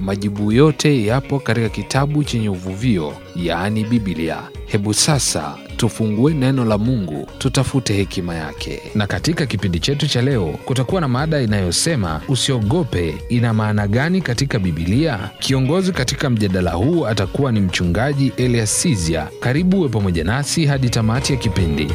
Majibu yote yapo katika kitabu chenye uvuvio, yaani Biblia. Hebu sasa tufungue neno la Mungu, tutafute hekima yake. Na katika kipindi chetu cha leo kutakuwa na mada inayosema usiogope, ina maana gani katika Biblia? Kiongozi katika mjadala huu atakuwa ni mchungaji Elias Sizia. Karibu we pamoja nasi hadi tamati ya kipindi.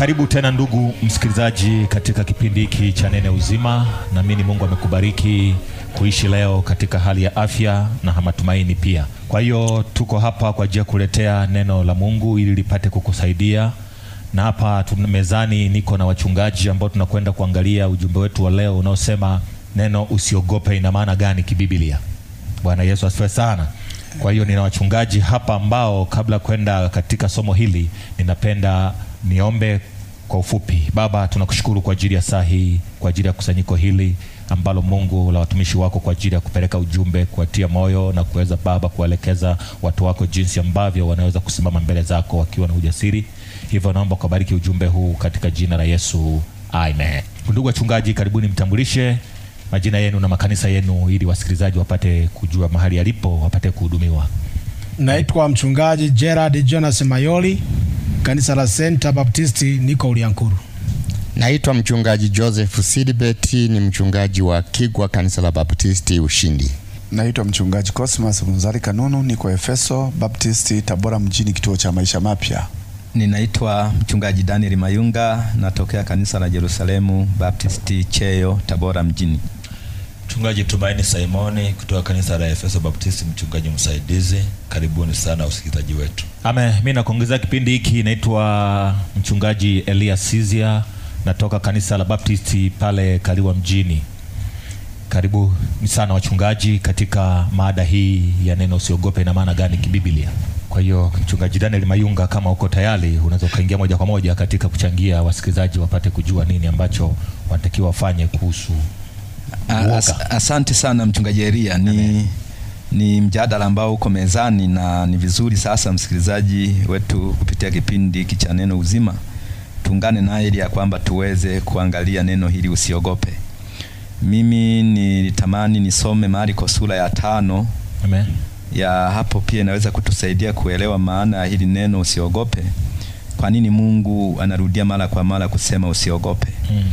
Karibu tena ndugu msikilizaji katika kipindi hiki cha Nene Uzima. Naamini Mungu amekubariki kuishi leo katika hali ya afya na matumaini pia. Kwa hiyo tuko hapa kwa ajili ya kuletea neno la Mungu ili lipate kukusaidia, na hapa mezani niko na wachungaji ambao tunakwenda kuangalia ujumbe wetu wa leo unaosema neno usiogope ina maana gani kibiblia. Bwana Yesu asifiwe sana. Kwa hiyo nina wachungaji hapa ambao, kabla kwenda katika somo hili, ninapenda Niombe kwa ufupi. Baba, tunakushukuru kwa ajili ya saa hii, kwa ajili ya kusanyiko hili ambalo Mungu la watumishi wako kwa ajili ya kupeleka ujumbe, kuwatia moyo na kuweza Baba kuwaelekeza watu wako jinsi ambavyo wanaweza kusimama mbele zako wakiwa na ujasiri. Hivyo naomba kubariki ujumbe huu katika jina la Yesu, amen. Ndugu wachungaji, karibuni mtambulishe majina yenu na makanisa yenu ili wasikilizaji wapate kujua mahali yalipo, wapate kuhudumiwa. Naitwa mchungaji Gerard Jonas Mayoli kanisa la Senta Baptist niko Uliankuru. Naitwa mchungaji Joseph Silibeti, ni mchungaji wa Kigwa, kanisa la Baptisti Ushindi. Naitwa mchungaji Cosmas Munzari Kanunu, niko Efeso Baptisti Tabora mjini, kituo cha maisha mapya. Ninaitwa mchungaji Daniel Mayunga, natokea kanisa la Yerusalemu Baptisti Cheyo Tabora mjini. Mchungaji Tumaini Simoni kutoka kanisa la Efeso Baptisti, mchungaji msaidizi, karibuni sana usikilizaji wetu. Amen. Mimi nakuongezea kipindi hiki, naitwa mchungaji Elia Sizia, natoka kanisa la Baptisti pale Kaliwa mjini. Karibu sana wachungaji katika maada hii ya neno usiogope, na maana gani kibiblia? Kwa hiyo mchungaji Daniel Mayunga, kama uko tayari, unaweza ukaingia moja kwa moja katika kuchangia wasikilizaji wapate kujua nini ambacho wanatakiwa wafanye kuhusu As, asante sana mchungaji Elia ni Amen. Ni mjadala ambao uko mezani na ni vizuri sasa msikilizaji wetu kupitia kipindi hiki cha neno uzima tuungane naye ili ya kwamba tuweze kuangalia neno hili usiogope. Mimi nilitamani nisome Marko sura ya tano. Amen. Ya hapo pia inaweza kutusaidia kuelewa maana ya hili neno usiogope. Kwa nini Mungu anarudia mara kwa mara kusema usiogope? Mm.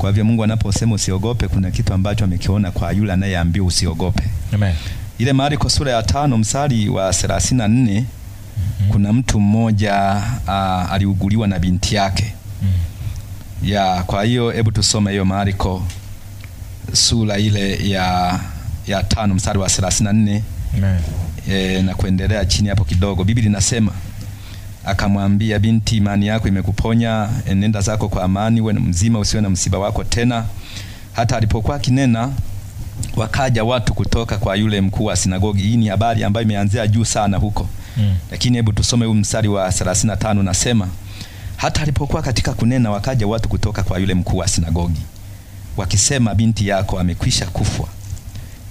Kwa hivyo Mungu anaposema usiogope, kuna kitu ambacho amekiona kwa yule anayeambiwa usiogope. Amen. Ile Marko sura ya tano msali wa 34 mm -hmm. kuna mtu mmoja uh, aliuguliwa na binti yake mm -hmm. ya kwa hiyo hebu tusome hiyo Marko sura ile ya ya tano msali wa 34 Amen. E, na kuendelea chini hapo kidogo Biblia inasema mm akamwambia, binti, imani yako imekuponya, enenda zako kwa amani, uwe mzima, usiwe na msiba wako tena. Hata alipokuwa akinena wakaja watu kutoka kwa yule mkuu wa sinagogi. Hii ni habari ambayo imeanzia juu sana huko mm. Lakini hebu tusome huu mstari wa 35, nasema hata alipokuwa katika kunena, wakaja watu kutoka kwa yule mkuu wa sinagogi wakisema, binti yako amekwisha kufwa,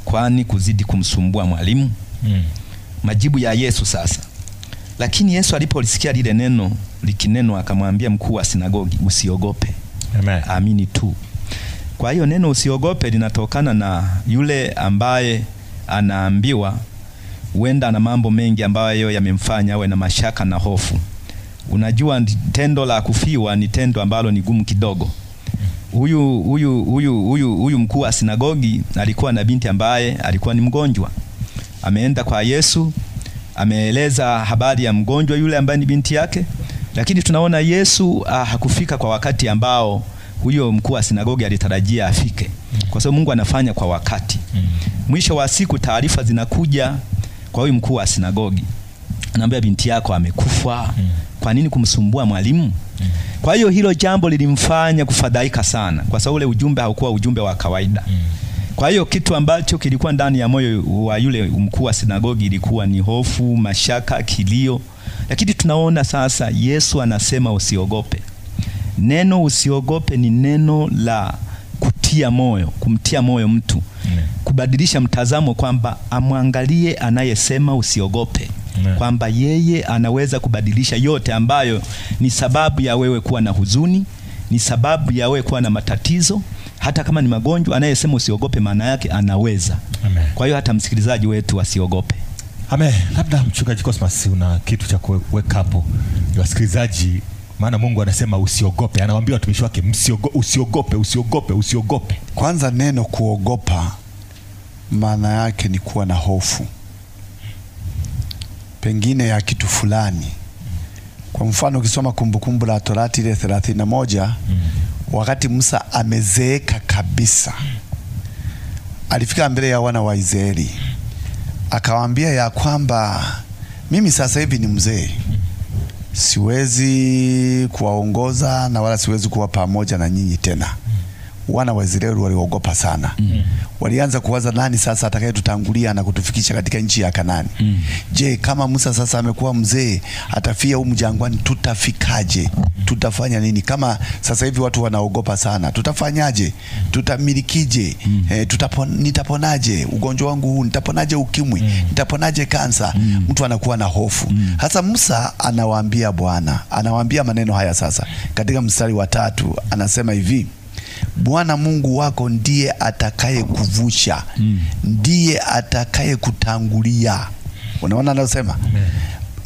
kwani kuzidi kumsumbua mwalimu? mm. Majibu ya Yesu sasa lakini Yesu alipolisikia lile neno likineno akamwambia mkuu wa sinagogi, usiogope, Amen. amini tu. Kwa hiyo neno usiogope linatokana na yule ambaye anaambiwa, huenda na mambo mengi ambayo yamemfanya awe na mashaka na hofu. Unajua, tendo la kufiwa ni tendo ambalo ni gumu kidogo. Huyu huyu huyu huyu huyu mkuu wa sinagogi alikuwa na binti ambaye alikuwa ni mgonjwa, ameenda kwa Yesu ameeleza habari ya mgonjwa yule ambaye ni binti yake, lakini tunaona Yesu ah, hakufika kwa wakati ambao huyo mkuu wa sinagogi alitarajia afike, kwa sababu Mungu anafanya kwa wakati. Mwisho wa siku taarifa zinakuja kwa huyu mkuu wa sinagogi, anaambia binti yako amekufa, kwa nini kumsumbua mwalimu? Kwa hiyo hilo jambo lilimfanya kufadhaika sana, kwa sababu ule ujumbe haukuwa ujumbe wa kawaida. Kwa hiyo kitu ambacho kilikuwa ndani ya moyo wa yule mkuu wa sinagogi ilikuwa ni hofu, mashaka, kilio. Lakini tunaona sasa Yesu anasema usiogope. Neno usiogope ni neno la kutia moyo, kumtia moyo mtu mm. kubadilisha mtazamo kwamba amwangalie anayesema usiogope kwamba yeye anaweza kubadilisha yote ambayo ni sababu ya wewe kuwa na huzuni, ni sababu ya wewe kuwa na matatizo hata kama ni magonjwa, anayesema usiogope, maana yake anaweza. Amen. Kwa hiyo hata msikilizaji wetu asiogope. Amen. Labda mchungaji Cosmas, una kitu cha kuweka hapo wasikilizaji? Maana Mungu anasema usiogope, anawaambia watumishi wake msiogo, usiogope, usiogope, usiogope. Kwanza neno kuogopa maana yake ni kuwa na hofu pengine ya kitu fulani. Kwa mfano ukisoma Kumbukumbu la Torati ile 31 mm wakati Musa amezeeka kabisa, alifika mbele ya wana wa Israeli akawaambia ya kwamba mimi sasa hivi ni mzee, siwezi kuwaongoza na wala siwezi kuwa pamoja na nyinyi tena wana wa Israeli waliogopa sana mm. mm. Walianza kuwaza nani sasa atakayetutangulia na kutufikisha katika nchi ya Kanani mm. Je, kama Musa sasa amekuwa mzee atafia huko jangwani, tutafikaje? Tutafanya nini? Kama sasa hivi watu wanaogopa sana, tutafanyaje? Tutamilikije? mm. Eh, tutapo, nitaponaje ugonjwa wangu huu? Nitaponaje ukimwi? mm. Nitaponaje kansa? mm. Mtu anakuwa na hofu mm. Hasa Musa anawaambia Bwana, anawaambia maneno haya sasa katika mstari wa tatu anasema hivi Bwana Mungu wako ndiye atakaye kuvusha mm. ndiye atakaye kutangulia. Unaona anasema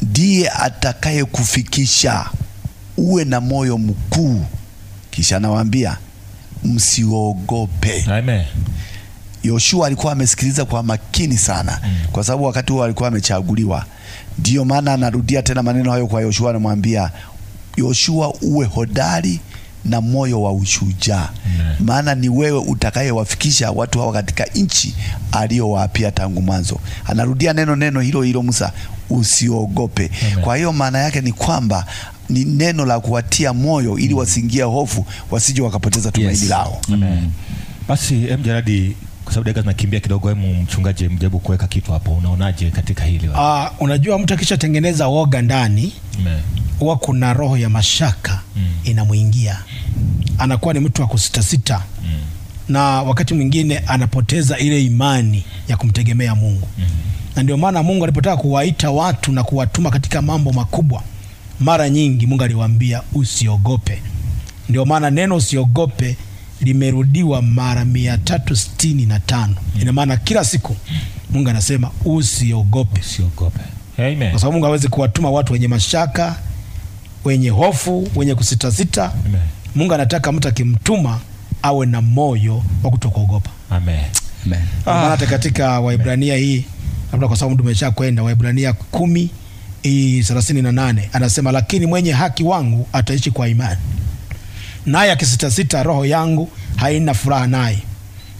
ndiye atakaye kufikisha, uwe na moyo mkuu. Kisha anawambia msiogope. Amen. Yoshua alikuwa amesikiliza kwa makini sana mm. kwa sababu wakati huo alikuwa amechaguliwa. Ndiyo maana anarudia tena maneno hayo kwa Yoshua, anamwambia Yoshua, uwe hodari na moyo wa ushujaa, maana ni wewe utakayewafikisha watu hawa katika nchi aliyowapia tangu mwanzo. Anarudia neno neno hilo hilo Musa, usiogope. Amen. Kwa hiyo maana yake ni kwamba ni neno la kuwatia moyo ili mm. wasiingie hofu, wasije wakapoteza tumaini yes. lao. Mm. Amen. Basi jaradi kwa sababu dakika zinakimbia kidogo, hemu mchungaji, mjaribu kuweka kitu hapo. Unaonaje katika hili? Uh, unajua mtu akishatengeneza woga ndani huwa kuna roho ya mashaka mm. inamwingia, anakuwa ni mtu wa kusitasita mm. na wakati mwingine anapoteza ile imani ya kumtegemea Mungu mm. na ndio maana Mungu alipotaka kuwaita watu na kuwatuma katika mambo makubwa, mara nyingi Mungu aliwaambia usiogope. Ndio maana neno usiogope limerudiwa mara mia tatu sitini na tano. Mm. Ina maana kila siku Mungu anasema usiogope, usiogope. Amen. Kwa sababu Mungu hawezi kuwatuma watu wenye mashaka wenye hofu, wenye kusitasita. Mungu anataka mtu akimtuma awe na moyo wa kutokuogopa. Amen. Amen. Ah. Hata katika Waibrania hii labda kwa sababu tumesha kwenda Waibrania kumi hii thelathini na nane anasema, lakini mwenye haki wangu ataishi kwa imani, naye akisitasita, roho yangu haina furaha naye.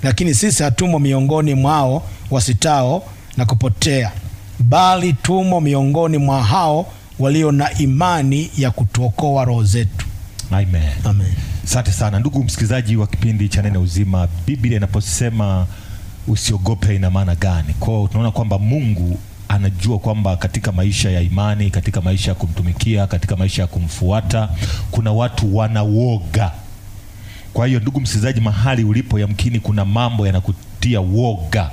Lakini sisi hatumo miongoni mwao wasitao na kupotea, bali tumo miongoni mwa hao walio na imani ya kutuokoa roho zetu. Amen. Amen. Asante sana ndugu msikilizaji wa kipindi cha Neno Uzima. Biblia inaposema usiogope ina maana gani? Kwao tunaona kwamba Mungu anajua kwamba katika maisha ya imani, katika maisha ya kumtumikia, katika maisha ya kumfuata, kuna watu wanawoga. Kwa hiyo ndugu msikilizaji, mahali ulipo, yamkini kuna mambo yanakutia woga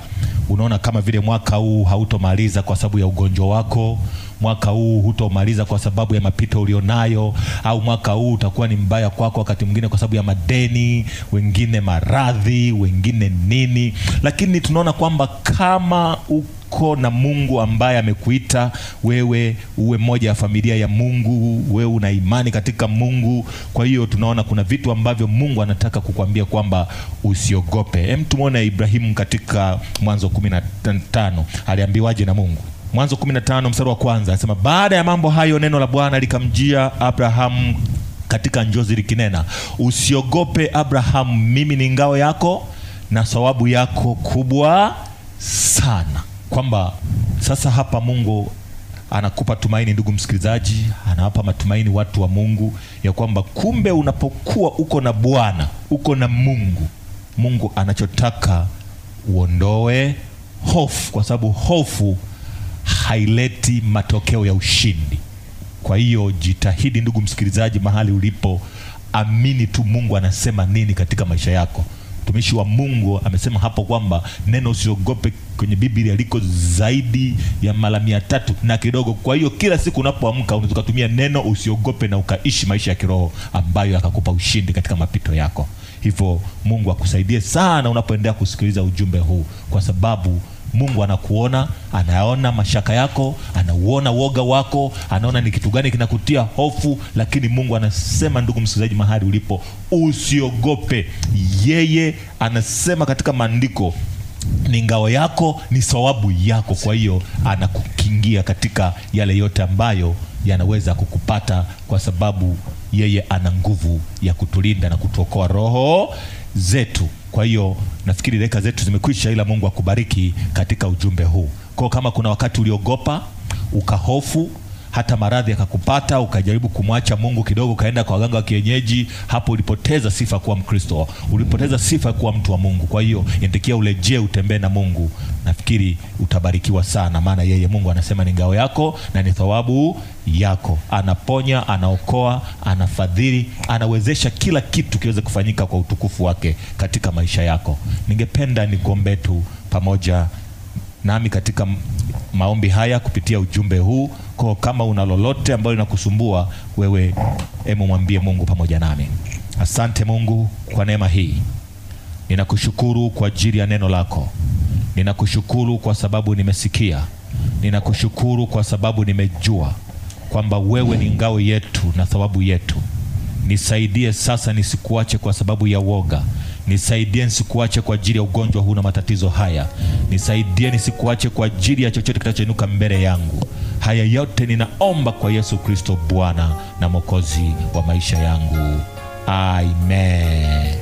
unaona kama vile mwaka huu hautomaliza kwa sababu ya ugonjwa wako, mwaka huu hutomaliza kwa sababu ya mapito ulionayo, au mwaka huu utakuwa ni mbaya kwako, wakati mwingine kwa sababu ya madeni, wengine maradhi, wengine nini, lakini tunaona kwamba kama u wako na Mungu ambaye amekuita wewe uwe moja ya familia ya Mungu, wewe una imani katika Mungu. Kwa hiyo tunaona kuna vitu ambavyo Mungu anataka kukwambia kwamba usiogope. Hem, tumwone Ibrahimu katika Mwanzo 15 aliambiwaje na Mungu? Mwanzo 15 mstari wa kwanza anasema, baada ya mambo hayo neno la Bwana likamjia Abrahamu katika njozi likinena, usiogope Abrahamu, mimi ni ngao yako na sawabu yako kubwa sana kwamba sasa hapa Mungu anakupa tumaini, ndugu msikilizaji, anawapa matumaini watu wa Mungu ya kwamba kumbe unapokuwa uko na Bwana, uko na Mungu, Mungu anachotaka uondoe hofu, kwa sababu hofu haileti matokeo ya ushindi. Kwa hiyo jitahidi, ndugu msikilizaji, mahali ulipo, amini tu Mungu anasema nini katika maisha yako mtumishi wa Mungu amesema hapo kwamba neno usiogope kwenye Biblia liko zaidi ya mara mia tatu na kidogo. Kwa hiyo kila siku unapoamka unaweza neno usiogope na ukaishi maisha ya kiroho ambayo akakupa ushindi katika mapito yako. Hivyo Mungu akusaidie sana unapoendelea kusikiliza ujumbe huu, kwa sababu Mungu anakuona, anaona mashaka yako, anauona woga wako, anaona ni kitu gani kinakutia hofu, lakini Mungu anasema, ndugu msikilizaji, mahali ulipo, usiogope. Yeye anasema katika maandiko ni ngao yako, ni sawabu yako. Kwa hiyo anakukingia katika yale yote ambayo yanaweza kukupata, kwa sababu yeye ana nguvu ya kutulinda na kutuokoa roho zetu. Kwa hiyo nafikiri dakika zetu zimekwisha, ila Mungu akubariki katika ujumbe huu. Kwa kama kuna wakati uliogopa ukahofu hata maradhi yakakupata, ukajaribu kumwacha Mungu kidogo, ukaenda kwa waganga wa kienyeji, hapo ulipoteza sifa kuwa Mkristo, ulipoteza sifa kuwa mtu wa Mungu. Kwa hiyo inatakiwa ulejee, utembee na Mungu. Nafikiri utabarikiwa sana, maana yeye Mungu anasema ni ngao yako na ni thawabu yako. Anaponya, anaokoa, anafadhili, anawezesha kila kitu kiweze kufanyika kwa utukufu wake katika maisha yako. Ningependa nikuombee tu pamoja nami katika maombi haya kupitia ujumbe huu yako. Kama una lolote ambalo linakusumbua wewe, hebu mwambie Mungu pamoja nami. Asante Mungu kwa neema hii, ninakushukuru kwa ajili ya neno lako, ninakushukuru kwa sababu nimesikia, ninakushukuru kwa sababu nimejua kwamba wewe ni ngao yetu na thawabu yetu. Nisaidie sasa nisikuache kwa sababu ya woga nisaidie nisikuache kwa ajili ya ugonjwa huu na matatizo haya. Nisaidie nisikuache kwa ajili ya chochote kitachoinuka mbele yangu. Haya yote ninaomba kwa Yesu Kristo Bwana na Mwokozi wa maisha yangu. Amen.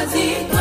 Azita.